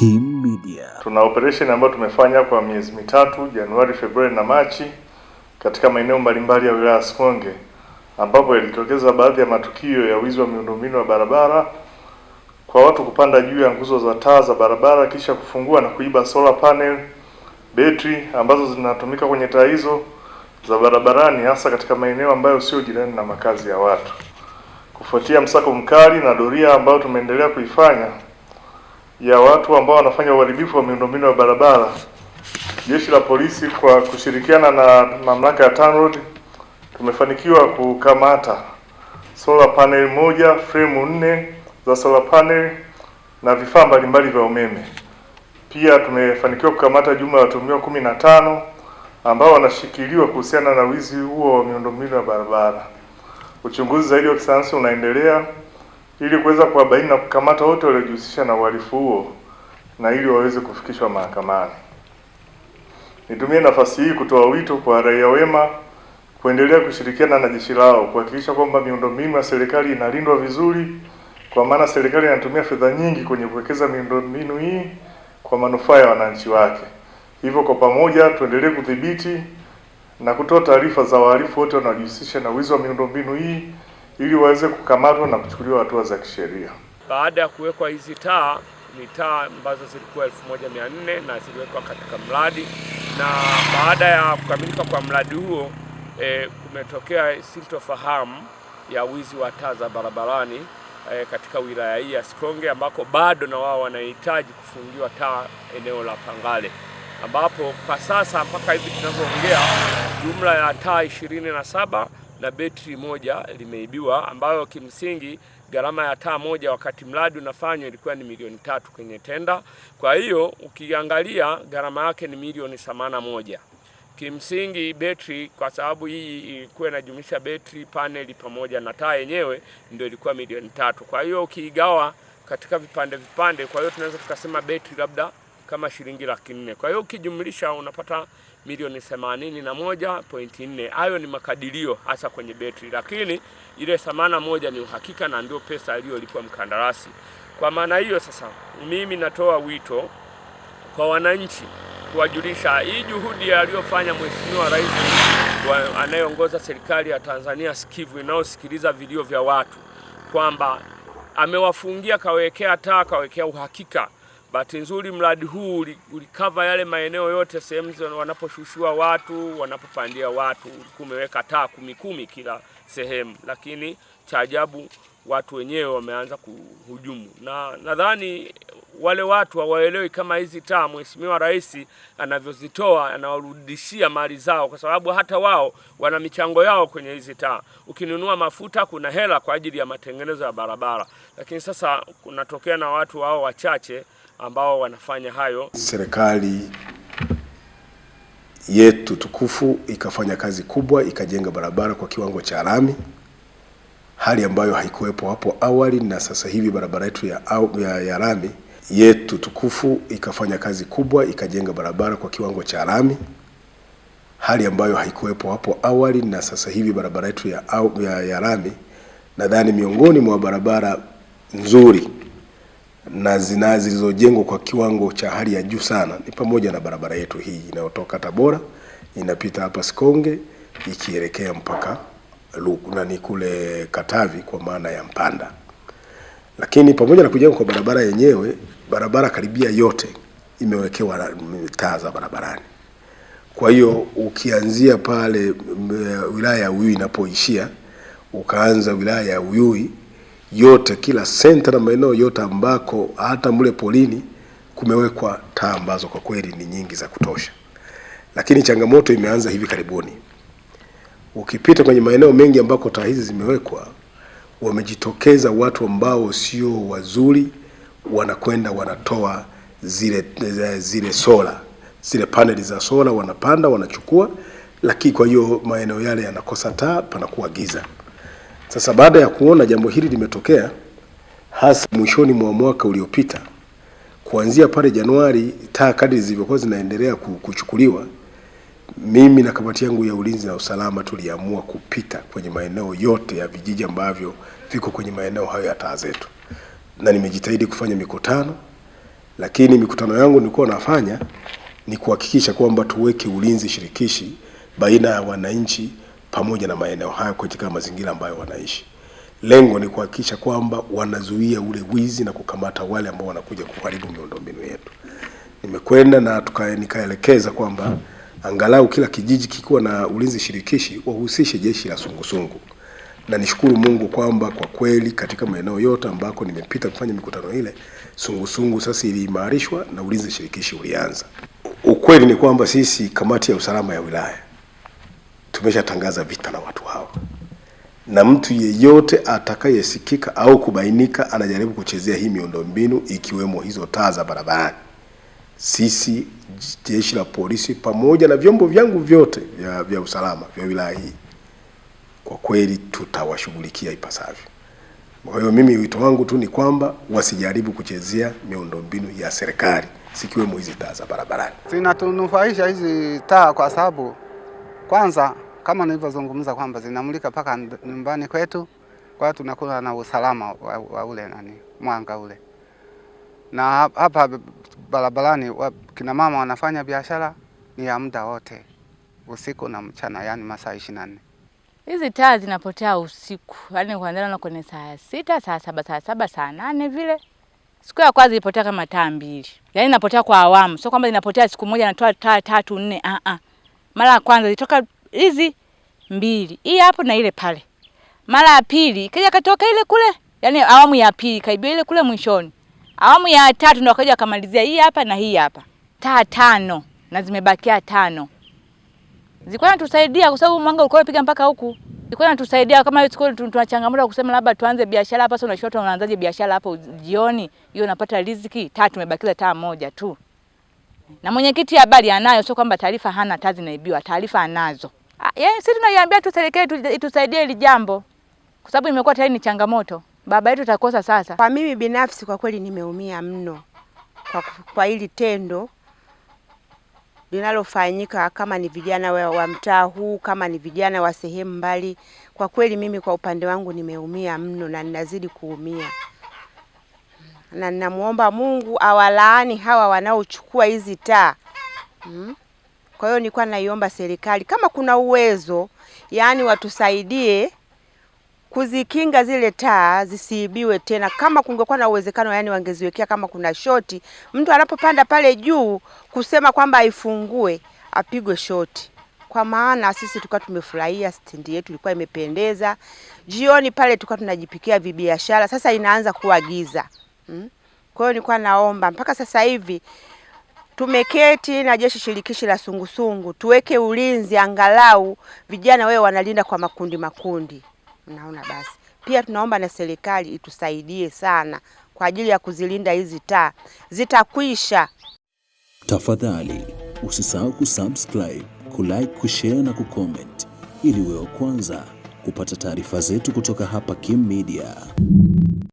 Kim Media. Tuna operation ambayo tumefanya kwa miezi mitatu, Januari, Februari na Machi katika maeneo mbalimbali ya wilaya ya Sikonge ambapo yalitokeza baadhi ya matukio ya wizi wa miundombinu ya barabara kwa watu kupanda juu ya nguzo za taa za barabara kisha kufungua na kuiba solar panel, betri ambazo zinatumika kwenye taa hizo za barabarani hasa katika maeneo ambayo sio jirani na makazi ya watu. Kufuatia msako mkali na doria ambayo tumeendelea kuifanya ya watu ambao wanafanya uharibifu wa miundombinu ya barabara, jeshi la polisi kwa kushirikiana na mamlaka ya TANROADS tumefanikiwa kukamata solar panel moja, fremu nne za solar panel na vifaa mbalimbali vya umeme. Pia tumefanikiwa kukamata jumla ya watuhumiwa kumi na tano ambao wanashikiliwa kuhusiana na wizi huo wa miundombinu ya barabara. Uchunguzi zaidi wa kisayansi unaendelea ili kuweza kuwabaini na kukamata wote waliojihusisha na uhalifu huo na ili waweze kufikishwa mahakamani. Nitumie nafasi hii kutoa wito kwa raia wema kuendelea kushirikiana na jeshi lao kuhakikisha kwamba miundombinu ya serikali inalindwa vizuri, kwa maana serikali inatumia fedha nyingi kwenye kuwekeza miundombinu hii kwa manufaa ya wananchi wake. Hivyo kwa pamoja tuendelee kudhibiti na kutoa taarifa za wahalifu wote wanaojihusisha na wizi wa miundombinu hii ili waweze kukamatwa na kuchukuliwa hatua za kisheria. Baada ya kuwekwa hizi taa, ni taa ambazo zilikuwa 1400 na ziliwekwa katika mradi, na baada ya kukamilika kwa mradi huo e, kumetokea sintofahamu ya wizi wa taa za barabarani e, katika wilaya hii ya Sikonge ambako bado na wao wanahitaji kufungiwa taa eneo la Pangale ambapo kwa sasa mpaka hivi tunavyoongea jumla ya taa ishirini na saba la betri moja limeibiwa, ambayo kimsingi gharama ya taa moja wakati mradi unafanywa ilikuwa ni milioni tatu kwenye tenda. Kwa hiyo ukiangalia gharama yake ni milioni themanini moja. Kimsingi betri kwa sababu hii ilikuwa inajumlisha betri, paneli pamoja na taa yenyewe, ndio ilikuwa milioni tatu. Kwa hiyo ukiigawa katika vipande vipande, kwa hiyo tunaweza tukasema betri labda kama shilingi laki nne. Kwa hiyo ukijumlisha unapata milioni 81.4. Hayo ni makadirio hasa kwenye betri, lakini ile 81 moja ni uhakika na ndio pesa aliyolipwa mkandarasi. Kwa maana hiyo sasa, mimi natoa wito kwa wananchi kuwajulisha hii juhudi aliyofanya Mheshimiwa Rais anayeongoza serikali ya Tanzania sikivu inayosikiliza vilio vya watu kwamba amewafungia, kawekea taa, kawekea uhakika Bahati nzuri mradi huu ulikava yale maeneo yote, sehemu wanaposhushua watu, wanapopandia watu, ulikuwa umeweka taa kumi kumi kila sehemu, lakini cha ajabu watu wenyewe wameanza kuhujumu, na nadhani wale watu hawaelewi kama hizi taa Mheshimiwa Rais anavyozitoa anawarudishia mali zao, kwa sababu hata wao wana michango yao kwenye hizi taa. Ukinunua mafuta, kuna hela kwa ajili ya matengenezo ya barabara, lakini sasa kunatokea na watu wao wachache ambao wanafanya hayo. Serikali yetu tukufu ikafanya kazi kubwa, ikajenga barabara kwa kiwango cha lami, hali ambayo haikuwepo hapo awali, na sasa hivi barabara yetu ya, ya, ya lami yetu tukufu ikafanya kazi kubwa, ikajenga barabara kwa kiwango cha lami, hali ambayo haikuwepo hapo awali, na sasa hivi barabara yetu ya, ya, ya lami nadhani miongoni mwa barabara nzuri na zinaa zilizojengwa kwa kiwango cha hali ya juu sana ni pamoja na barabara yetu hii inayotoka Tabora inapita hapa Sikonge ikielekea mpaka na ni kule Katavi kwa maana ya Mpanda. Lakini pamoja na kujengwa kwa barabara yenyewe, barabara karibia yote imewekewa taa za barabarani. Kwa hiyo ukianzia pale wilaya ya Uyui inapoishia ukaanza wilaya ya Uyui yote, kila senta na maeneo yote ambako hata mle polini kumewekwa taa ambazo kwa kweli ni nyingi za kutosha, lakini changamoto imeanza hivi karibuni. Ukipita kwenye maeneo mengi ambako taa hizi zimewekwa, wamejitokeza watu ambao sio wazuri, wanakwenda wanatoa zile zile sola zile paneli za sola, wanapanda wanachukua, lakini kwa hiyo maeneo yale yanakosa taa, panakuwa giza. Sasa baada ya kuona jambo hili limetokea hasa mwishoni mwa mwaka uliopita, kuanzia pale Januari, taa kadri zilivyokuwa zinaendelea kuchukuliwa, mimi na kamati yangu ya ulinzi na usalama tuliamua kupita kwenye maeneo yote ya vijiji ambavyo viko kwenye maeneo hayo ya taa zetu, na nimejitahidi kufanya mikutano, lakini mikutano yangu nilikuwa nafanya ni kuhakikisha kwamba tuweke ulinzi shirikishi baina ya wananchi pamoja na maeneo hayo katika mazingira ambayo wanaishi. Lengo ni kuhakikisha kwamba wanazuia ule wizi na kukamata wale ambao wanakuja kuharibu miundombinu yetu. Nimekwenda na tukae, nikaelekeza kwamba angalau kila kijiji kikiwa na ulinzi shirikishi wahusishe jeshi la sungusungu, na nishukuru Mungu kwamba kwa kweli katika maeneo yote ambako nimepita kufanya mikutano ile, sungusungu sasa iliimarishwa na ulinzi shirikishi ulianza. Ukweli ni kwamba sisi kamati ya usalama ya wilaya tumeshatangaza vita na watu hao, na mtu yeyote atakayesikika au kubainika anajaribu kuchezea hii miundombinu ikiwemo hizo taa za barabarani, sisi jeshi la polisi pamoja na vyombo vyangu vyote vya, vya usalama vya wilaya hii kwa kweli tutawashughulikia ipasavyo. Kwa hiyo mimi wito wangu tu ni kwamba wasijaribu kuchezea miundombinu ya serikali zikiwemo hizi taa za barabarani. Zinatunufaisha hizi taa kwa sababu kwanza kama nilivyozungumza kwamba zinamulika mpaka nyumbani kwetu, kwa hiyo tunakuwa na usalama wa, wa ule nani mwanga ule, na hapa barabarani kina mama wanafanya biashara ni ya muda wote, usiku na mchana, yani masaa ishirini na nne. Hizi taa zinapotea usiku, yani kuanzia na kwenye saa sita, saa saba, saa saba, saa nane vile. Siku ya kwanza ilipotea kama taa mbili, yaani inapotea kwa awamu, sio kwamba zinapotea siku moja natoa taa tatu nne. Ah ah, mara ya kwanza ilitoka hizi mbili, hii hapo na ile pale. Mara ya pili kaja katoka ile kule, yani awamu ya pili kaibia ile kule mwishoni. Awamu ya tatu ndo akaja akamalizia hii hapa na hii hapa, taa tano na zimebakia tano. Zilikuwa natusaidia kwa sababu mwanga ulikuwa unapiga mpaka huku, ilikuwa natusaidia kama hiyo. Tuna changamoto kusema labda tuanze biashara hapa, sasa unashota, unaanzaje biashara hapo jioni hiyo, unapata riziki tatu, tumebakiza taa moja tu na mwenyekiti habari anayo, sio kwamba taarifa hana. Taa zinaibiwa, taarifa anazo. Ah, yaani sisi tunaiambia tu serikali itusaidie hili jambo, kwa sababu imekuwa tayari ni changamoto, baba yetu takosa sasa. Kwa mimi binafsi, kwa kweli nimeumia mno kwa, kwa hili tendo linalofanyika kama ni vijana wa, wa mtaa huu kama ni vijana wa sehemu mbali. Kwa kweli mimi kwa upande wangu nimeumia mno na ninazidi kuumia, na ninamwomba Mungu awalaani hawa wanaochukua hizi taa hmm? Kwa hiyo nilikuwa naiomba serikali kama kuna uwezo, yaani watusaidie kuzikinga zile taa zisiibiwe tena. Kama kungekuwa na uwezekano, yani wangeziwekea kama kuna shoti, mtu anapopanda pale juu kusema kwamba aifungue apigwe shoti, kwa maana sisi tukawa tumefurahia stendi yetu ilikuwa imependeza. Jioni pale tukawa tunajipikia vibiashara, sasa inaanza kuwa giza hmm. Kwa hiyo nilikuwa naomba mpaka sasa hivi tumeketi na jeshi shirikishi la sungusungu tuweke ulinzi, angalau vijana wewe wanalinda kwa makundi makundi, unaona. Basi pia tunaomba na serikali itusaidie sana kwa ajili ya kuzilinda hizi taa, zitakwisha. Tafadhali usisahau kusubscribe, kulike, kushare na kucomment ili wewe kwanza kupata taarifa zetu kutoka hapa Kim Media.